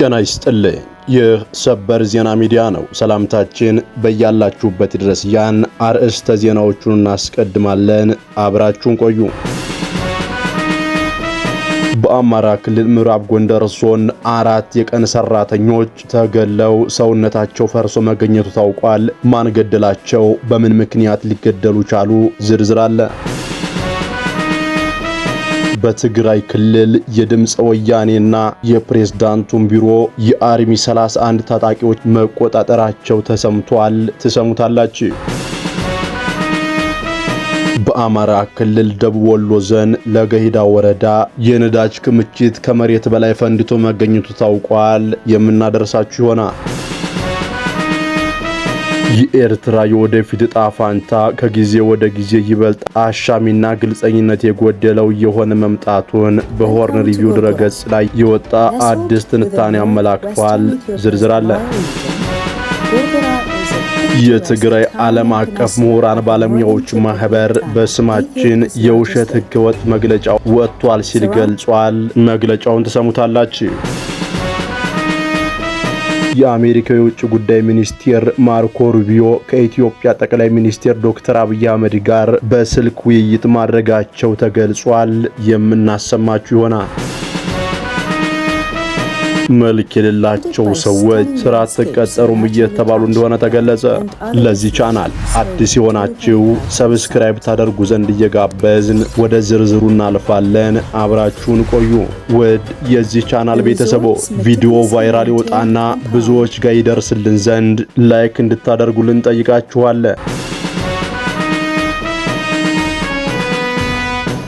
ጤና ይስጥልኝ። ይህ ሰበር ዜና ሚዲያ ነው። ሰላምታችን በያላችሁበት ድረስ። ያን አርዕስተ ዜናዎቹን እናስቀድማለን። አብራችሁን ቆዩ። በአማራ ክልል ምዕራብ ጎንደር ዞን አራት የቀን ሰራተኞች ተገለው ሰውነታቸው ፈርሶ መገኘቱ ታውቋል። ማን ገደላቸው? በምን ምክንያት ሊገደሉ ቻሉ? ዝርዝር አለ። በትግራይ ክልል ወያኔ ወያኔና የፕሬዝዳንቱን ቢሮ የአርሚ 31 ታጣቂዎች መቆጣጠራቸው ተሰምቷል። ትሰሙታላችሁ። በአማራ ክልል ደቡብ ወሎ ዞን ለገሂዳ ወረዳ የነዳጅ ክምችት ከመሬት በላይ ፈንድቶ መገኘቱ ታውቋል። የምናደርሳችሁ ይሆናል። የኤርትራ የወደፊት ዕጣ ፋንታ ከጊዜ ወደ ጊዜ ይበልጥ አሻሚና ግልጸኝነት የጎደለው የሆነ መምጣቱን በሆርን ሪቪው ድረገጽ ላይ የወጣ አዲስ ትንታኔ አመላክቷል። ዝርዝር አለ። የትግራይ ዓለም አቀፍ ምሁራን ባለሙያዎች ማህበር በስማችን የውሸት ህገወጥ መግለጫ ወጥቷል ሲል ገልጿል። መግለጫውን ትሰሙታላችሁ። የአሜሪካ የውጭ ጉዳይ ሚኒስቴር ማርኮ ሩቢዮ ከኢትዮጵያ ጠቅላይ ሚኒስቴር ዶክተር አብይ አህመድ ጋር በስልክ ውይይት ማድረጋቸው ተገልጿል። የምናሰማችሁ ይሆናል። መልክ የሌላቸው ሰዎች ስራ አትቀጠሩም እየተባሉ እንደሆነ ተገለጸ። ለዚህ ቻናል አዲስ የሆናችሁ ሰብስክራይብ ታደርጉ ዘንድ እየጋበዝን ወደ ዝርዝሩ እናልፋለን። አብራችሁን ቆዩ። ውድ የዚህ ቻናል ቤተሰቦ ቪዲዮ ቫይራል ይወጣና ብዙዎች ጋር ይደርስልን ዘንድ ላይክ እንድታደርጉልን ጠይቃችኋለን።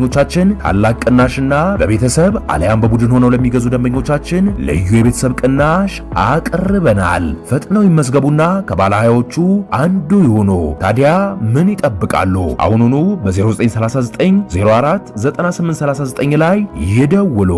ደንበኞቻችን ታላቅ ቅናሽና በቤተሰብ አሊያም በቡድን ሆነው ለሚገዙ ደንበኞቻችን ልዩ የቤተሰብ ቅናሽ አቅርበናል። ፈጥነው ይመዝገቡና ከባለ አንዱ ይሁኑ። ታዲያ ምን ይጠብቃሉ? አሁኑኑ በ0939 04 9839 ላይ ይደውሉ።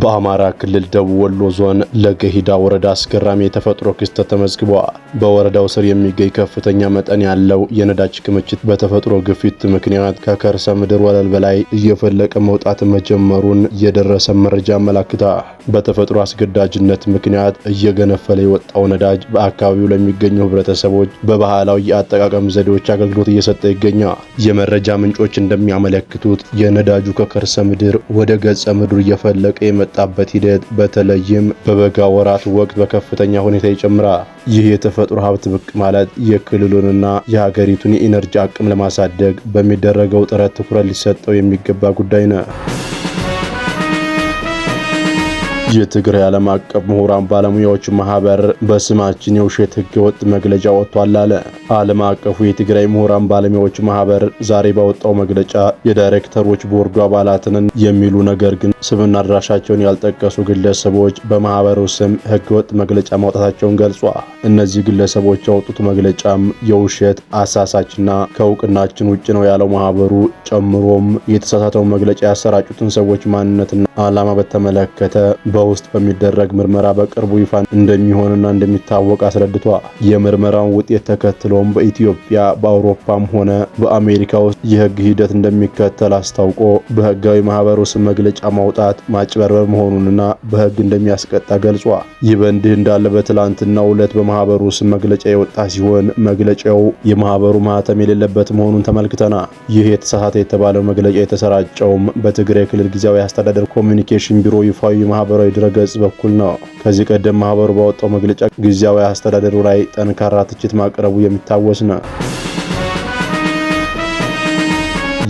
በአማራ ክልል ደቡብ ወሎ ዞን ለገሂዳ ወረዳ አስገራሚ የተፈጥሮ ክስተት ተመዝግቧል። በወረዳው ስር የሚገኝ ከፍተኛ መጠን ያለው የነዳጅ ክምችት በተፈጥሮ ግፊት ምክንያት ከከርሰ ምድር ወለል በላይ እየፈለቀ መውጣት መጀመሩን የደረሰ መረጃ አመላክታል። በተፈጥሮ አስገዳጅነት ምክንያት እየገነፈለ የወጣው ነዳጅ በአካባቢው ለሚገኙ ህብረተሰቦች በባህላዊ የአጠቃቀም ዘዴዎች አገልግሎት እየሰጠ ይገኛል። የመረጃ ምንጮች እንደሚያመለክቱት የነዳጁ ከከርሰ ምድር ወደ ገጸ ምድር እየፈለቀ የመጣበት ሂደት በተለይም በበጋ ወራት ወቅት በከፍተኛ ሁኔታ ይጨምራል። ይህ የተፈጥሮ ሀብት ብቅ ማለት የክልሉንና የሀገሪቱን የኢነርጂ አቅም ለማሳደግ በሚደረገው ጥረት ትኩረት ሊሰጠው የሚገባ ጉዳይ ነው። የትግራይ ዓለም አቀፍ ምሁራን ባለሙያዎች ማህበር በስማችን የውሸት ህገወጥ መግለጫ ወጥቷል አለ። ዓለም አቀፉ የትግራይ ምሁራን ባለሙያዎች ማህበር ዛሬ ባወጣው መግለጫ የዳይሬክተሮች ቦርዱ አባላትንን የሚሉ ነገር ግን ስምና አድራሻቸውን ያልጠቀሱ ግለሰቦች በማህበሩ ስም ህገወጥ መግለጫ ማውጣታቸውን ገልጿል። እነዚህ ግለሰቦች ያወጡት መግለጫም የውሸት አሳሳችና ከእውቅናችን ውጭ ነው ያለው ማህበሩ ጨምሮም የተሳሳተውን መግለጫ ያሰራጩትን ሰዎች ማንነትና ዓላማ በተመለከተ ውስጥ በሚደረግ ምርመራ በቅርቡ ይፋ እንደሚሆንና እንደሚታወቅ አስረድቷል። የምርመራውን ውጤት ተከትሎም በኢትዮጵያ በአውሮፓም ሆነ በአሜሪካ ውስጥ የህግ ሂደት እንደሚከተል አስታውቆ በህጋዊ ማህበሩ ስም መግለጫ ማውጣት ማጭበርበር መሆኑንና በህግ እንደሚያስቀጣ ገልጿል። ይህ በእንዲህ እንዳለ በትላንትናው ዕለት በማህበሩ ስም መግለጫ የወጣ ሲሆን መግለጫው የማህበሩ ማህተም የሌለበት መሆኑን ተመልክተናል። ይህ የተሳሳተ የተባለው መግለጫ የተሰራጨውም በትግራይ ክልል ጊዜያዊ አስተዳደር ኮሚኒኬሽን ቢሮ ይፋዊ ማህበራዊ በማህበራዊ ድረገጽ በኩል ነው። ከዚህ ቀደም ማህበሩ ባወጣው መግለጫ ጊዜያዊ አስተዳደሩ ላይ ጠንካራ ትችት ማቅረቡ የሚታወስ ነው።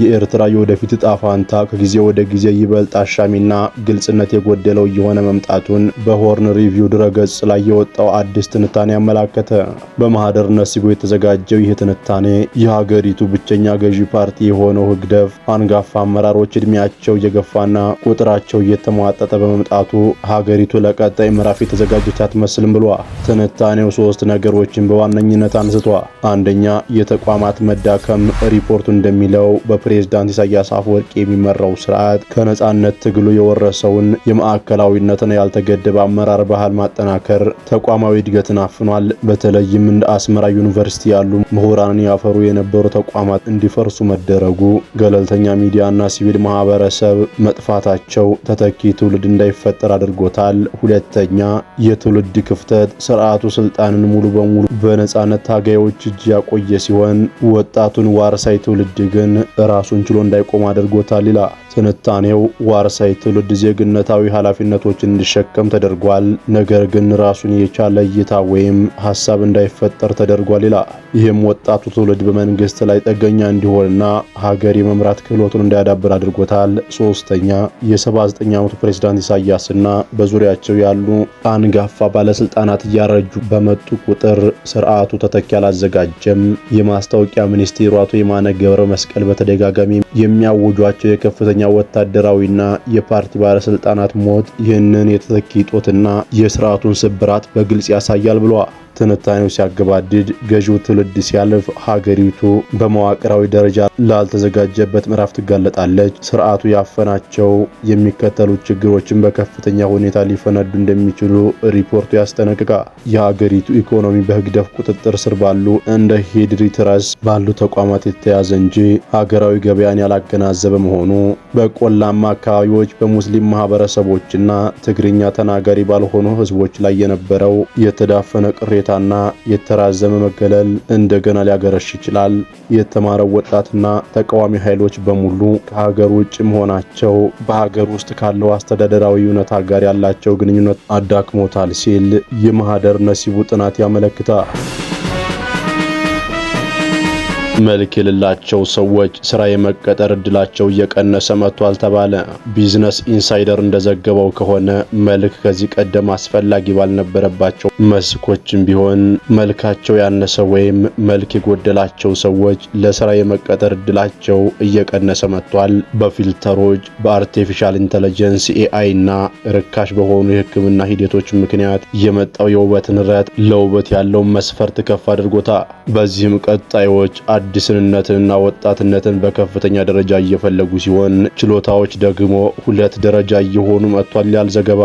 የኤርትራ የወደፊት ጣፋንታ ከጊዜ ወደ ጊዜ ይበልጥ አሻሚና ግልጽነት የጎደለው እየሆነ መምጣቱን በሆርን ሪቪው ድረገጽ ላይ የወጣው አዲስ ትንታኔ አመላከተ። በማህደር ነሲቦ የተዘጋጀው ይህ ትንታኔ የሀገሪቱ ብቸኛ ገዢ ፓርቲ የሆነው ህግደፍ አንጋፋ አመራሮች ዕድሜያቸው እየገፋና ቁጥራቸው እየተሟጠጠ በመምጣቱ ሀገሪቱ ለቀጣይ ምዕራፍ የተዘጋጀች አትመስልም ብሏል። ትንታኔው ሶስት ነገሮችን በዋነኝነት አንስቷል። አንደኛ፣ የተቋማት መዳከም ሪፖርቱ እንደሚለው በፕ በፕሬዝዳንት ኢሳያስ አፈወርቅ የሚመራው ስርዓት ከነጻነት ትግሉ የወረሰውን የማዕከላዊነትን ያልተገደበ አመራር ባህል ማጠናከር ተቋማዊ እድገትን አፍኗል። በተለይም እንደ አስመራ ዩኒቨርሲቲ ያሉ ምሁራንን ያፈሩ የነበሩ ተቋማት እንዲፈርሱ መደረጉ፣ ገለልተኛ ሚዲያና ሲቪል ማህበረሰብ መጥፋታቸው ተተኪ ትውልድ እንዳይፈጠር አድርጎታል። ሁለተኛ የትውልድ ክፍተት፣ ስርዓቱ ስልጣንን ሙሉ በሙሉ በነጻነት ታጋዮች እጅ ያቆየ ሲሆን ወጣቱን ዋርሳይ ትውልድ ግን ራ ራሱን ችሎ እንዳይቆም አድርጎታል ይላል። ትንታኔው ዋርሳይ ትውልድ ዜግነታዊ ኃላፊነቶችን እንዲሸከም ተደርጓል፣ ነገር ግን ራሱን የቻለ እይታ ወይም ሀሳብ እንዳይፈጠር ተደርጓል ይላል። ይህም ወጣቱ ትውልድ በመንግስት ላይ ጥገኛ እንዲሆንና ሀገር የመምራት ክህሎቱን እንዳያዳብር አድርጎታል። ሶስተኛ የ79 ዓመቱ ፕሬዝዳንት ኢሳያስና በዙሪያቸው ያሉ አንጋፋ ባለስልጣናት እያረጁ በመጡ ቁጥር ስርዓቱ ተተኪ አላዘጋጀም። የማስታወቂያ ሚኒስቴሩ አቶ የማነ ገብረ መስቀል በተደጋጋሚ የሚያውጇቸው የከፍተኛ ከፍተኛ ወታደራዊና የፓርቲ ባለስልጣናት ሞት ይህንን የተተኪ ጦትና የስርዓቱን ስብራት በግልጽ ያሳያል ብለዋል። ትንታኔው ሲያገባድድ ገዢው ትውልድ ሲያልፍ ሀገሪቱ በመዋቅራዊ ደረጃ ላልተዘጋጀበት ምዕራፍ ትጋለጣለች። ስርዓቱ ያፈናቸው የሚከተሉ ችግሮችን በከፍተኛ ሁኔታ ሊፈነዱ እንደሚችሉ ሪፖርቱ ያስጠነቅቃል። የሀገሪቱ ኢኮኖሚ በህግደፍ ቁጥጥር ስር ባሉ እንደ ሂድሪ ትረስ ባሉ ተቋማት የተያዘ እንጂ ሀገራዊ ገበያን ያላገናዘበ መሆኑ፣ በቆላማ አካባቢዎች በሙስሊም ማህበረሰቦችና ትግርኛ ተናጋሪ ባልሆኑ ህዝቦች ላይ የነበረው የተዳፈነ ቅሬ ቅሬታና የተራዘመ መገለል እንደገና ሊያገረሽ ይችላል። የተማረው ወጣትና ተቃዋሚ ኃይሎች በሙሉ ከሀገር ውጭ መሆናቸው በሀገር ውስጥ ካለው አስተዳደራዊ እውነታ ጋር ያላቸው ግንኙነት አዳክሞታል ሲል የማህደር ነሲቡ ጥናት ያመለክታል። መልክ የሌላቸው ሰዎች ስራ የመቀጠር እድላቸው እየቀነሰ መጥቷል ተባለ። ቢዝነስ ኢንሳይደር እንደዘገበው ከሆነ መልክ ከዚህ ቀደም አስፈላጊ ባልነበረባቸው መስኮችም ቢሆን መልካቸው ያነሰ ወይም መልክ የጎደላቸው ሰዎች ለስራ የመቀጠር እድላቸው እየቀነሰ መጥቷል። በፊልተሮች፣ በአርቲፊሻል ኢንተለጀንስ ኤአይ እና ርካሽ በሆኑ የህክምና ሂደቶች ምክንያት የመጣው የውበት ንረት ለውበት ያለውን መስፈርት ከፍ አድርጎታል። በዚህም ቀጣዮች ቅድስንነትንና ወጣትነትን በከፍተኛ ደረጃ እየፈለጉ ሲሆን ችሎታዎች ደግሞ ሁለት ደረጃ እየሆኑ መጥቷል። ያል ዘገባ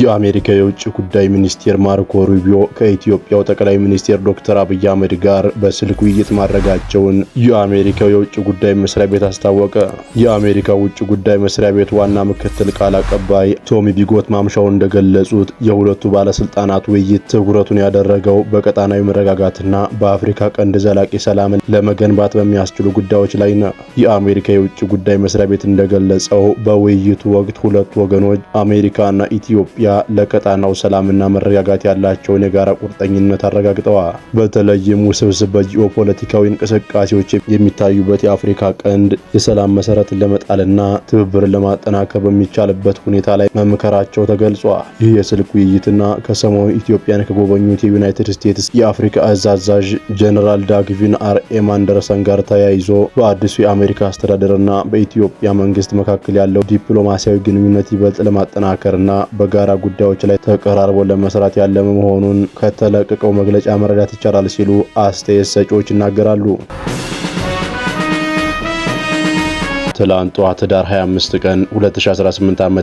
የአሜሪካ የውጭ ጉዳይ ሚኒስቴር ማርኮ ሩቢዮ ከኢትዮጵያው ጠቅላይ ሚኒስቴር ዶክተር አብይ አህመድ ጋር በስልክ ውይይት ማድረጋቸውን የአሜሪካው የውጭ ጉዳይ መስሪያ ቤት አስታወቀ። የአሜሪካ ውጭ ጉዳይ መስሪያ ቤት ዋና ምክትል ቃል አቀባይ ቶሚ ቢጎት ማምሻውን እንደገለጹት የሁለቱ ባለስልጣናት ውይይት ትኩረቱን ያደረገው በቀጣናዊ መረጋጋትና በአፍሪካ ቀንድ ዘላቂ ሰላምን ለመገንባት በሚያስችሉ ጉዳዮች ላይ ነው። የአሜሪካ የውጭ ጉዳይ መስሪያ ቤት እንደገለጸው በውይይቱ ወቅት ሁለቱ ወገኖች አሜሪካና ኢትዮጵያ ኢትዮጵያ ለቀጣናው ሰላምና መረጋጋት ያላቸውን የጋራ ቁርጠኝነት አረጋግጠዋል። በተለይም ውስብስብ በጂኦፖለቲካዊ እንቅስቃሴዎች የሚታዩበት የአፍሪካ ቀንድ የሰላም መሰረትን ለመጣልና ትብብርን ለማጠናከር በሚቻልበት ሁኔታ ላይ መምከራቸው ተገልጿል። ይህ የስልክ ውይይትና ከሰሞኑ ኢትዮጵያን ከጎበኙት የዩናይትድ ስቴትስ የአፍሪካ እዝ አዛዥ ጀኔራል ዳግቪን አር ኤም አንደርሰን ጋር ተያይዞ በአዲሱ የአሜሪካ አስተዳደርና በኢትዮጵያ መንግስት መካከል ያለው ዲፕሎማሲያዊ ግንኙነት ይበልጥ ለማጠናከርና በጋራ በጋራ ጉዳዮች ላይ ተቀራርቦ ለመስራት ያለመ መሆኑን ከተለቀቀው መግለጫ መረዳት ይቻላል ሲሉ አስተያየት ሰጪዎች ይናገራሉ። ትላንት ጠዋት ህዳር 25 ቀን 2018 ዓ.ም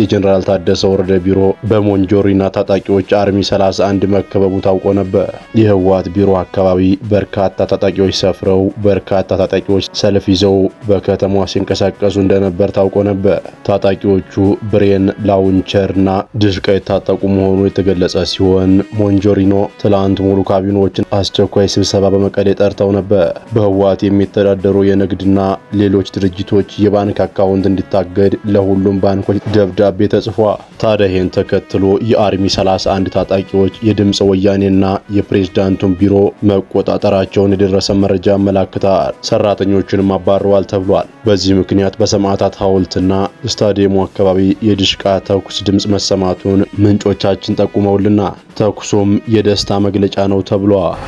የጀኔራል ታደሰ ወረደ ቢሮ በሞንጆሪና ታጣቂዎች አርሚ 31 መከበቡ ታውቆ ነበር። የህወሓት ቢሮ አካባቢ በርካታ ታጣቂዎች ሰፍረው በርካታ ታጣቂዎች ሰልፍ ይዘው በከተማዋ ሲንቀሳቀሱ እንደነበር ታውቆ ነበር። ታጣቂዎቹ ብሬን ላውንቸርና ድሽቃ የታጠቁ መሆኑ የተገለጸ ሲሆን ሞንጆሪኖ ትላንት ሙሉ ካቢኖዎችን አስቸኳይ ስብሰባ በመቀሌ ጠርተው ነበር። በህወሓት የሚተዳደሩ የንግድና ሌሎች ድርጅቶች ድርጅቶች የባንክ አካውንት እንዲታገድ ለሁሉም ባንኮች ደብዳቤ ተጽፏል። ታዲያ ይህን ተከትሎ የአርሚ 31 ታጣቂዎች የድምፅ ወያኔና የፕሬዝዳንቱን ቢሮ መቆጣጠራቸውን የደረሰ መረጃ ያመላክታል። ሰራተኞቹንም አባረዋል ተብሏል። በዚህ ምክንያት በሰማዕታት ሐውልትና ስታዲየሙ አካባቢ የድሽቃ ተኩስ ድምፅ መሰማቱን ምንጮቻችን ጠቁመውልናል። ተኩሱም የደስታ መግለጫ ነው ተብሏል።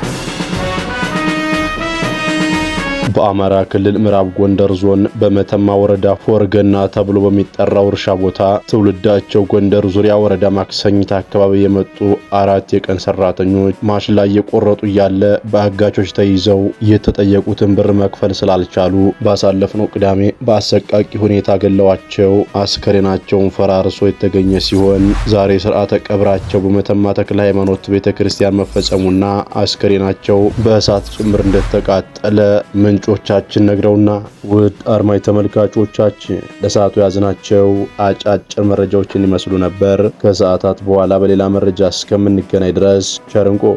በአማራ ክልል ምዕራብ ጎንደር ዞን በመተማ ወረዳ ፎርገና ተብሎ በሚጠራው እርሻ ቦታ ትውልዳቸው ጎንደር ዙሪያ ወረዳ ማክሰኝት አካባቢ የመጡ አራት የቀን ሰራተኞች ማሽላ እየቆረጡ እያለ በአጋቾች ተይዘው የተጠየቁትን ብር መክፈል ስላልቻሉ ባሳለፍነው ቅዳሜ በአሰቃቂ ሁኔታ ገለዋቸው አስከሬናቸውን ፈራርሶ የተገኘ ሲሆን ዛሬ ስርዓተ ቀብራቸው በመተማ ተክለ ሃይማኖት ቤተ ክርስቲያን መፈጸሙና አስከሬናቸው በእሳት ጭምር እንደተቃጠለ ምንጭ ምንጮቻችን ነግረውና ውድ አርማ ተመልካቾቻችን ለሰዓቱ ያዝናቸው አጫጭር መረጃዎችን ይመስሉ ነበር። ከሰዓታት በኋላ በሌላ መረጃ እስከምንገናኝ ድረስ ቸርንቆ